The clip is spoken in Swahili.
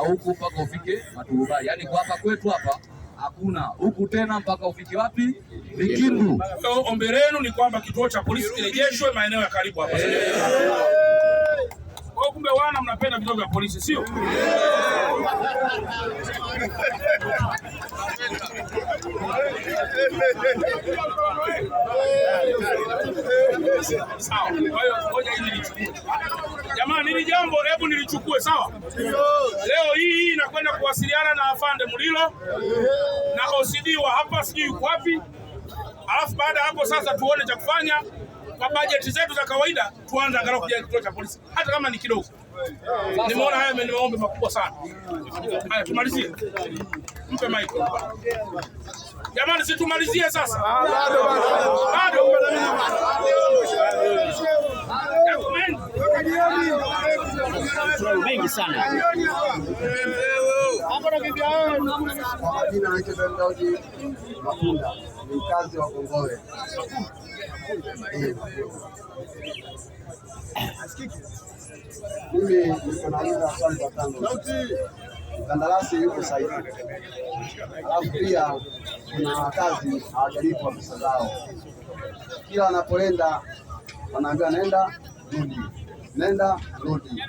huku mpaka ufike Maturubai, yaani kwa hapa kwetu hapa hakuna huku tena mpaka ufike wapi? Vikindu. So, ombi lenu ni kwamba kituo cha polisi kirejeshwe maeneo ya karibu hapa. Hey. Kwa kumbe wana mnapenda vituo vya polisi sio? Hey. Jamani, hili jambo hebu nilichukue, sawa. Leo hii hii nakwenda kuwasiliana na afande Mulilo na OCD wa hapa, sijui yuko wapi. Alafu baada ya hapo sasa tuone cha kufanya kwa bajeti zetu za kawaida, tuanze angalau kujenga kituo cha polisi, hata kama ni kidogo. Nimeona haya ni maombi makubwa sana. Haya, tumalizie. Mpe mic jamani, situmalizie sasa, bado bado matundu mengi sana. Jina naitwa Daudi Makunda, ni mkazi wa Kongowe. Mimi niko na muda kwanza tano, mkandarasi yuko sahihi, alafu pia kuna wakazi hawajalipwa pesa zao. Kila wanapoenda wanaambiwa nenda rudi, nenda rudi.